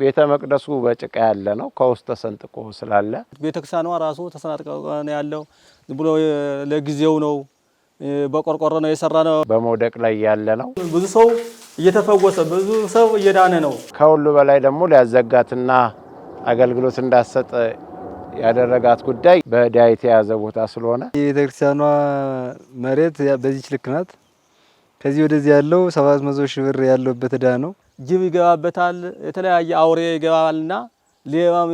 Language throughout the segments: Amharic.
ቤተ መቅደሱ በጭቃ ያለ ነው። ከውስጥ ተሰንጥቆ ስላለ ቤተ ክርስቲያኗ ራሱ ተሰናጥቀ ነው ያለው። ዝም ብሎ ለጊዜው ነው በቆርቆሮ ነው የሰራ ነው። በመውደቅ ላይ ያለ ነው። ብዙ ሰው እየተፈወሰ ብዙ ሰው እየዳነ ነው። ከሁሉ በላይ ደግሞ ሊያዘጋትና አገልግሎት እንዳሰጠ ያደረጋት ጉዳይ በዕዳ የተያዘ ቦታ ስለሆነ የቤተክርስቲያኗ መሬት በዚች ልክ ናት። ከዚህ ወደዚህ ያለው ሰባት መቶ ሺህ ብር ያለበት ዕዳ ነው። ጅብ ይገባበታል፣ የተለያየ አውሬ ይገባልና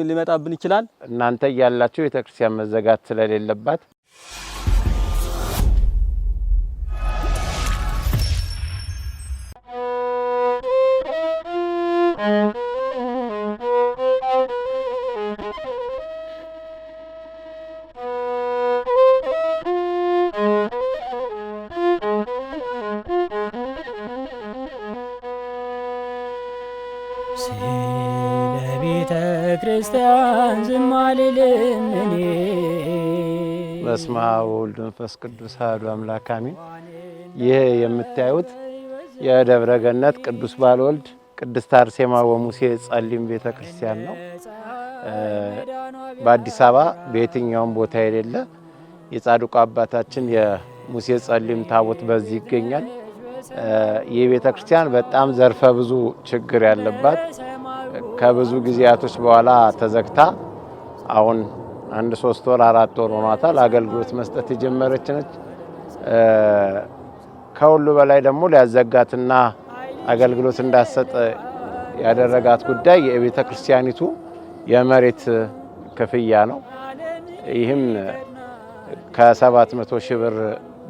ሊመጣብን ይችላል። እናንተ እያላችሁ ቤተክርስቲያን መዘጋት ስለሌለባት ክርስቲያን ዝም አልልም እኔ። በስመ አብ ወወልድ መንፈስ ቅዱስ አሐዱ አምላክ አሜን። ይህ የምታዩት የደብረ ገነት ቅዱስ ባልወልድ ቅድስት አርሴማ ወሙሴ ጸሊም ቤተ ክርስቲያን ነው። በአዲስ አበባ በየትኛውም ቦታ የሌለ የጻድቁ አባታችን የሙሴ ጸሊም ታቦት በዚህ ይገኛል። ይህ ቤተ ክርስቲያን በጣም ዘርፈ ብዙ ችግር ያለባት ከብዙ ጊዜያቶች በኋላ ተዘግታ አሁን አንድ ሶስት ወር አራት ወር ሆኗታል አገልግሎት መስጠት የጀመረች ነች። ከሁሉ በላይ ደግሞ ሊያዘጋትና አገልግሎት እንዳሰጥ ያደረጋት ጉዳይ የቤተ ክርስቲያኒቱ የመሬት ክፍያ ነው። ይህም ከሰባት መቶ ሺህ ብር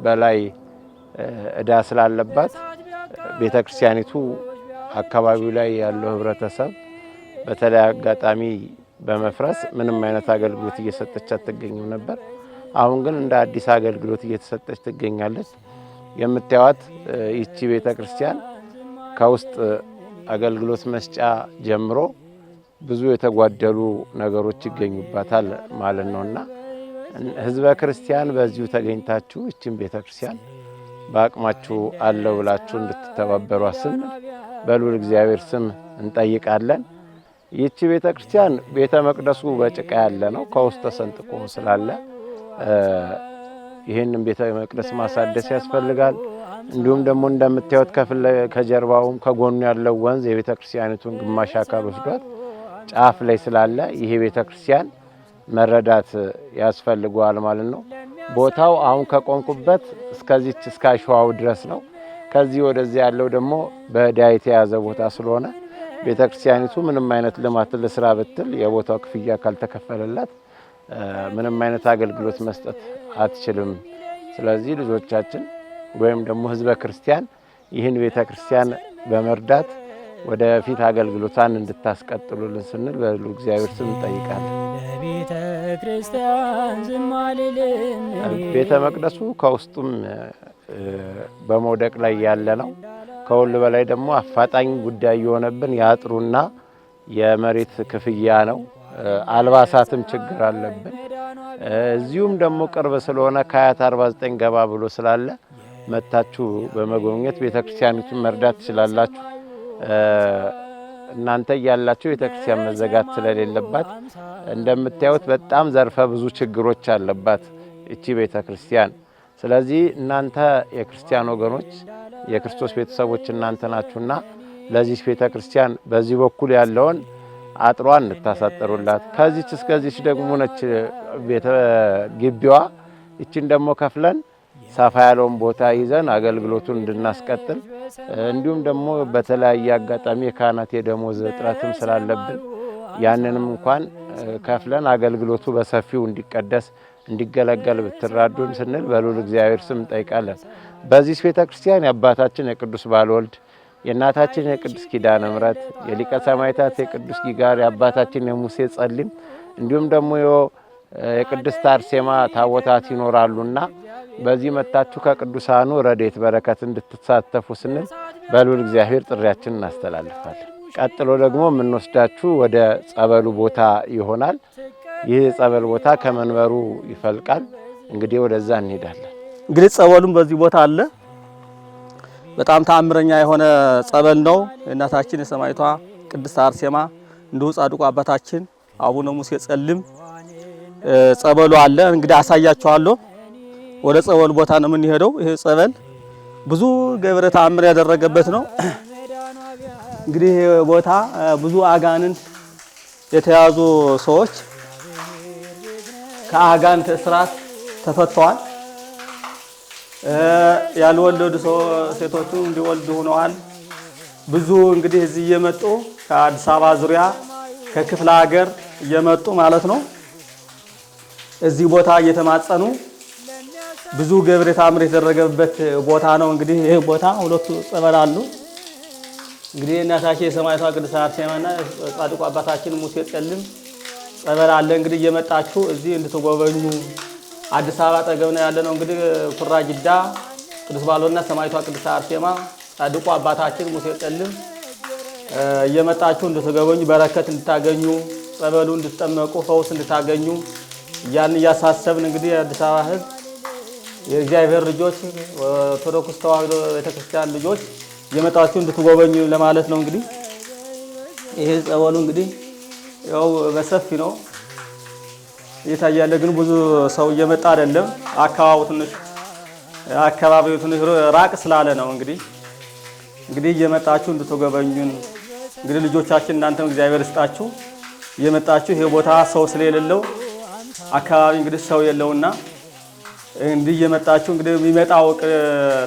በላይ እዳ ስላለባት ቤተ ክርስቲያኒቱ አካባቢው ላይ ያለው ህብረተሰብ በተለይ አጋጣሚ በመፍረስ ምንም አይነት አገልግሎት እየሰጠች አትገኝም ነበር። አሁን ግን እንደ አዲስ አገልግሎት እየተሰጠች ትገኛለች። የምታዩት ይቺ ቤተ ክርስቲያን ከውስጥ አገልግሎት መስጫ ጀምሮ ብዙ የተጓደሉ ነገሮች ይገኙባታል ማለት ነውና ህዝበ ክርስቲያን በዚሁ ተገኝታችሁ ይችን ቤተ ክርስቲያን በአቅማችሁ አለው ብላችሁ እንድትተባበሯ ስም በሉል እግዚአብሔር ስም እንጠይቃለን። ይቺ ቤተ ክርስቲያን ቤተ መቅደሱ በጭቃ ያለ ነው፣ ከውስጥ ተሰንጥቆ ስላለ ይህንን ቤተ መቅደስ ማሳደስ ያስፈልጋል። እንዲሁም ደግሞ እንደምታዩት ከጀርባውም ከጎኑ ያለው ወንዝ የቤተ ክርስቲያኒቱን ግማሽ አካል ወስዷት ጫፍ ላይ ስላለ ይሄ ቤተ ክርስቲያን መረዳት ያስፈልገዋል ማለት ነው። ቦታው አሁን ከቆምኩበት እስከዚች እስከ አሸዋው ድረስ ነው። ከዚህ ወደዚህ ያለው ደግሞ በዕዳ የተያዘ ቦታ ስለሆነ ቤተክርስቲያኒቱ ምንም አይነት ልማት ለስራ ብትል የቦታው ክፍያ ካልተከፈለላት ምንም አይነት አገልግሎት መስጠት አትችልም። ስለዚህ ልጆቻችን ወይም ደግሞ ህዝበ ክርስቲያን ይህን ቤተክርስቲያን በመርዳት ወደፊት አገልግሎቷን እንድታስቀጥሉልን ስንል በሉ እግዚአብሔር ስም እንጠይቃለን። ቤተ መቅደሱ ከውስጡም በመውደቅ ላይ ያለ ነው። ከሁሉ በላይ ደግሞ አፋጣኝ ጉዳይ የሆነብን የአጥሩና የመሬት ክፍያ ነው። አልባሳትም ችግር አለብን። እዚሁም ደግሞ ቅርብ ስለሆነ ከአያት 49 ገባ ብሎ ስላለ መታችሁ በመጎብኘት ቤተክርስቲያኒቱን መርዳት ትችላላችሁ። እናንተ እያላችሁ ቤተክርስቲያን መዘጋት ስለሌለባት እንደምታዩት በጣም ዘርፈ ብዙ ችግሮች አለባት እቺ ቤተክርስቲያን። ስለዚህ እናንተ የክርስቲያን ወገኖች የክርስቶስ ቤተሰቦች እናንተ ናችሁና ለዚህ ቤተ ክርስቲያን በዚህ በኩል ያለውን አጥሯን እንታሳጠሩላት ከዚች እስከዚች ደግሞ ነች ቤተ ግቢዋ። ይችን ደግሞ ከፍለን ሰፋ ያለውን ቦታ ይዘን አገልግሎቱን እንድናስቀጥል እንዲሁም ደግሞ በተለያየ አጋጣሚ የካህናት የደሞዝ እጥረትም ስላለብን ያንንም እንኳን ከፍለን አገልግሎቱ በሰፊው እንዲቀደስ እንዲገለገል ብትራዱን ስንል በሉል እግዚአብሔር ስም እንጠይቃለን። በዚህ ቤተ ክርስቲያን የአባታችን የቅዱስ ባልወልድ የእናታችን የቅዱስ ኪዳነ ምሕረት የሊቀ ሰማዕታት የቅዱስ ጊጋር የአባታችን የሙሴ ጸሊም እንዲሁም ደግሞ የቅድስት አርሴማ ታቦታት ይኖራሉና በዚህ መታችሁ ከቅዱሳኑ ረዴት በረከት እንድትሳተፉ ስንል በሉል እግዚአብሔር ጥሪያችን እናስተላልፋለን። ቀጥሎ ደግሞ የምንወስዳችሁ ወደ ጸበሉ ቦታ ይሆናል። ይህ የጸበል ቦታ ከመንበሩ ይፈልቃል። እንግዲህ ወደዛ እንሄዳለን። እንግዲህ ጸበሉም በዚህ ቦታ አለ። በጣም ተአምረኛ የሆነ ጸበል ነው። እናታችን የሰማይቷ ቅድስት አርሴማ እንዲሁ ጻድቁ አባታችን አቡነ ሙሴ ጸልም ጸበሉ አለ። እንግዲህ አሳያችኋለሁ። ወደ ጸበል ቦታ ነው የምንሄደው። ይሄ ጸበል ብዙ ገብረ ተአምር ያደረገበት ነው። እንግዲህ ቦታ ብዙ አጋንንት የተያዙ ሰዎች ከአጋንንት እስራት ተፈተዋል። ያልወለዱ ሴቶቹ እንዲወልዱ ሆነዋል። ብዙ እንግዲህ እዚህ እየመጡ ከአዲስ አበባ ዙሪያ ከክፍለ ሀገር እየመጡ ማለት ነው እዚህ ቦታ እየተማጸኑ ብዙ ገብረ ታምር የተደረገበት ቦታ ነው። እንግዲህ ይህ ቦታ ሁለቱ ጸበል አሉ። እንግዲህ እናታችን የሰማዕቷ ቅድስት አርሴማና ጻድቁ አባታችን ሙሴ ጨልም ጸበል አለ እንግዲህ እየመጣችሁ እዚህ እንድትጎበኙ አዲስ አበባ አጠገብ ነው ያለ ነው እንግዲህ ኩራ ጅዳ ቅዱስ ባሎና ሰማይቷ ቅዱስ አርሴማ ጻድቁ አባታችን ሙሴ ጨልም እየመጣችሁ እንድትጎበኙ በረከት እንድታገኙ ጸበሉ እንድትጠመቁ ፈውስ እንድታገኙ እያልን እያሳሰብን እንግዲህ የአዲስ አበባ ህዝብ የእግዚአብሔር ልጆች ኦርቶዶክስ ተዋህዶ ቤተክርስቲያን ልጆች እየመጣችሁ እንድትጎበኙ ለማለት ነው እንግዲህ ይሄ ጸበሉ እንግዲህ ያው በሰፊ ነው እየታየ ያለ፣ ግን ብዙ ሰው እየመጣ አይደለም። አካባቢው ትንሽ አካባቢው ትንሽ ራቅ ስላለ ነው። እንግዲህ እንግዲህ እየመጣችሁ እንድትጎበኙን እንግዲህ ልጆቻችን እናንተም እግዚአብሔር ይስጣችሁ። እየመጣችሁ ይሄ ቦታ ሰው ስለሌለው አካባቢ እንግዲህ ሰው የለውና እንዲህ እየመጣችሁ እንግዲህ የሚመጣው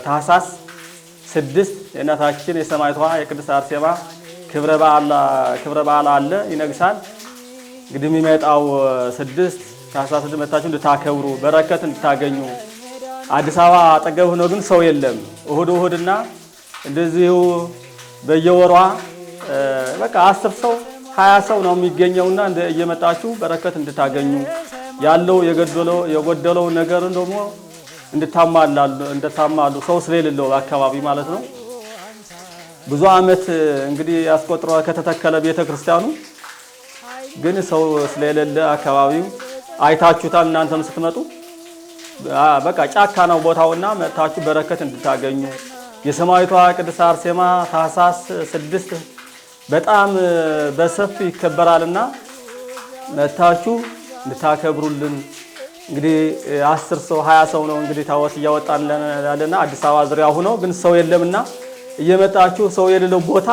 ታህሳስ ስድስት የእናታችን የሰማዕቷ የቅድስት አርሴማ ክብረ በዓል አለ፣ ይነግሳል። እንግዲህ የሚመጣው ስድስት ከአስራ ስድስት መታችሁ እንድታከብሩ በረከት እንድታገኙ። አዲስ አበባ አጠገብ ሆኖ ግን ሰው የለም። እሁድ እሁድና እንደዚሁ በየወሯ በቃ አስር ሰው ሀያ ሰው ነው የሚገኘውና እየመጣችሁ በረከት እንድታገኙ ያለው የጎደለው ነገር ደግሞ እንድታማሉ ሰው ስለሌለው አካባቢ ማለት ነው። ብዙ ዓመት እንግዲህ አስቆጥሮ ከተተከለ ቤተ ክርስቲያኑ ግን ሰው ስለሌለ አካባቢው አይታችሁታል። እናንተም ስትመጡ በቃ ጫካ ነው ቦታውና መጥታችሁ በረከት እንድታገኙ የሰማዕቷ ቅድስት አርሴማ ታሳስ ስድስት በጣም በሰፊ ይከበራልና መጥታችሁ እንድታከብሩልን። እንግዲህ አስር ሰው ሀያ ሰው ነው እንግዲህ ታቦት እያወጣን ያለና አዲስ አበባ ዙሪያ ሁነው ግን ሰው የለምና እየመጣችሁ ሰው የሌለው ቦታ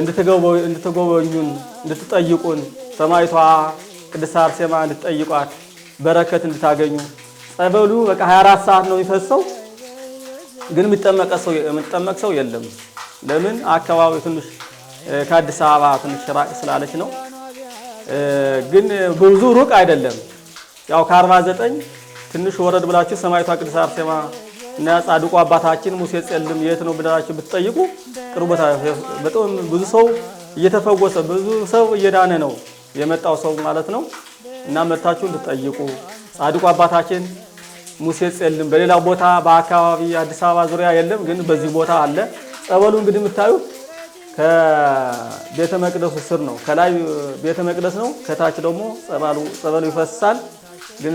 እንድትጎበኙን እንድትጠይቁን ሰማይቷ ቅድስት አርሴማ እንድትጠይቋት በረከት እንድታገኙ ጸበሉ በቃ 24 ሰዓት ነው የሚፈሰው፣ ግን የሚጠመቅ ሰው የለም። ለምን አካባቢው ትንሽ ከአዲስ አበባ ትንሽ ራቅ ስላለች ነው። ግን ብዙ ሩቅ አይደለም። ያው ከ49 ትንሽ ወረድ ብላችሁ ሰማይቷ ቅድስት አርሴማ እና ጻድቁ አባታችን ሙሴ ጸልም የት ነው ብላችሁ ብትጠይቁ ጥሩ ቦታ በጣም ብዙ ሰው እየተፈወሰ ብዙ ሰው እየዳነ ነው የመጣው ሰው ማለት ነው። እና መታችሁ እንድትጠይቁ ጻድቁ አባታችን ሙሴ ጸልም በሌላ ቦታ በአካባቢ አዲስ አበባ ዙሪያ የለም፣ ግን በዚህ ቦታ አለ። ጸበሉ እንግዲህ የምታዩት ከቤተ መቅደሱ ስር ነው። ከላይ ቤተ መቅደስ ነው፣ ከታች ደግሞ ጸበሉ ይፈሳል። ግን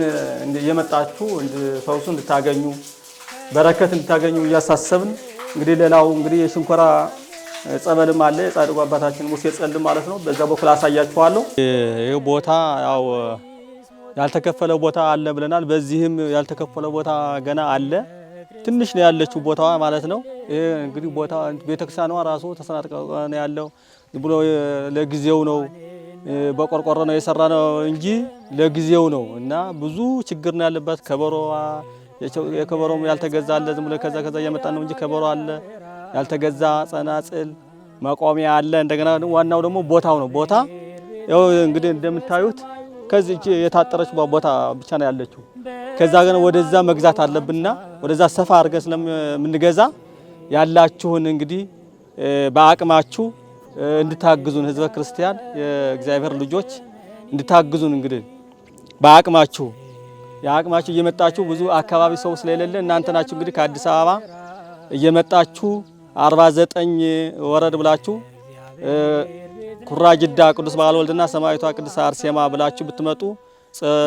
እየመጣችሁ ፈውሱ እንድታገኙ በረከት እንድታገኙ እያሳሰብን እንግዲህ ሌላው እንግዲህ የሽንኮራ ጸበልም አለ የጻድቁ አባታችን ሙሴ ጸልም ማለት ነው። በዛ በኩል አሳያችኋለሁ። ይህ ቦታ ያው ያልተከፈለ ቦታ አለ ብለናል። በዚህም ያልተከፈለ ቦታ ገና አለ። ትንሽ ነው ያለችው ቦታዋ ማለት ነው። ይሄ እንግዲህ ቦታ ቤተክርስቲያኗ ራሱ ተሰናጥቀ ነው ያለው ብሎ ለጊዜው ነው በቆርቆሮ ነው የሰራ ነው እንጂ ለጊዜው ነው እና ብዙ ችግር ነው ያለባት ከበሮዋ የከበሮም ያልተገዛ አለ። ዝም ብሎ ከዛ ከዛ እየመጣ ነው እንጂ ከበሮ አለ፣ ያልተገዛ ጸናጽል፣ መቋሚያ አለ። እንደገና ዋናው ደግሞ ቦታው ነው። ቦታ ያው እንግዲህ እንደምታዩት ከዚህ የታጠረች ቦታ ብቻ ነው ያለችው። ከዛ ግን ወደዛ መግዛት አለብንና ወደዛ ሰፋ አድርገን ስለምንገዛ ያላችሁን እንግዲህ በአቅማችሁ እንድታግዙን ህዝበ ክርስቲያን የእግዚአብሔር ልጆች እንድታግዙን እንግዲህ በአቅማችሁ የአቅማችሁ እየመጣችሁ ብዙ አካባቢ ሰው ስለሌለ እናንተ ናችሁ እንግዲህ ከአዲስ አበባ እየመጣችሁ 49 ወረድ ብላችሁ ኩራጅዳ ቅዱስ በዓለ ወልድና ሰማዕቷ ቅድስት አርሴማ ብላችሁ ብትመጡ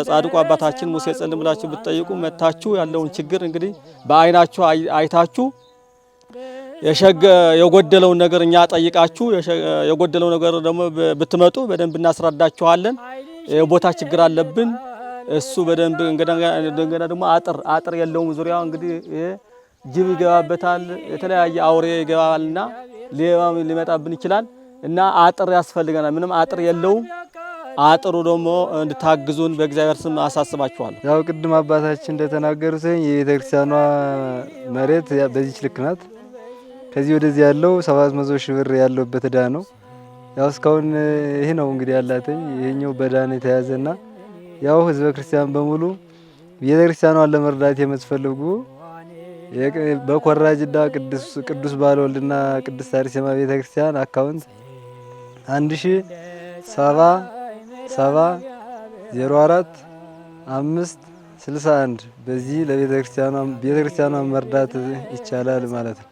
ጻድቁ አባታችን ሙሴ ጸልም ብላችሁ ብትጠይቁ መታችሁ ያለውን ችግር እንግዲህ በአይናችሁ አይታችሁ የጎደለውን ነገር እኛ ጠይቃችሁ የጎደለው ነገር ደግሞ ብትመጡ በደንብ እናስረዳችኋለን። የቦታ ችግር አለብን እሱ በደንብ እንደገና ደግሞ አጥር አጥር የለውም። ዙሪያው እንግዲህ ጅብ ይገባበታል፣ የተለያየ አውሬ ይገባልና ሌባም ሊመጣብን ይችላል እና አጥር ያስፈልገናል። ምንም አጥር የለውም። አጥሩ ደግሞ እንድታግዙን በእግዚአብሔር ስም አሳስባችኋለሁ። ያው ቅድም አባታችን እንደተናገሩት የቤተክርስቲያኗ መሬት በዚች ልክ ናት። ከዚህ ወደዚህ ያለው 700 ሺህ ብር ያለበት ዕዳ ነው። ያው እስካሁን ይሄ ነው እንግዲህ ያላተኝ ይሄኛው በዳን የተያዘና ያው ህዝበ ክርስቲያን በሙሉ ቤተ ክርስቲያኗን ለመርዳት የምትፈልጉ በኮራጅዳ ቅዱስ ቅዱስ ባለወልድና ቅድስት አርሴማ ቤተ ክርስቲያን አካውንት 1770 04 5 61 በዚህ ለቤተ ክርስቲያኗ ቤተ መርዳት ይቻላል ማለት ነው።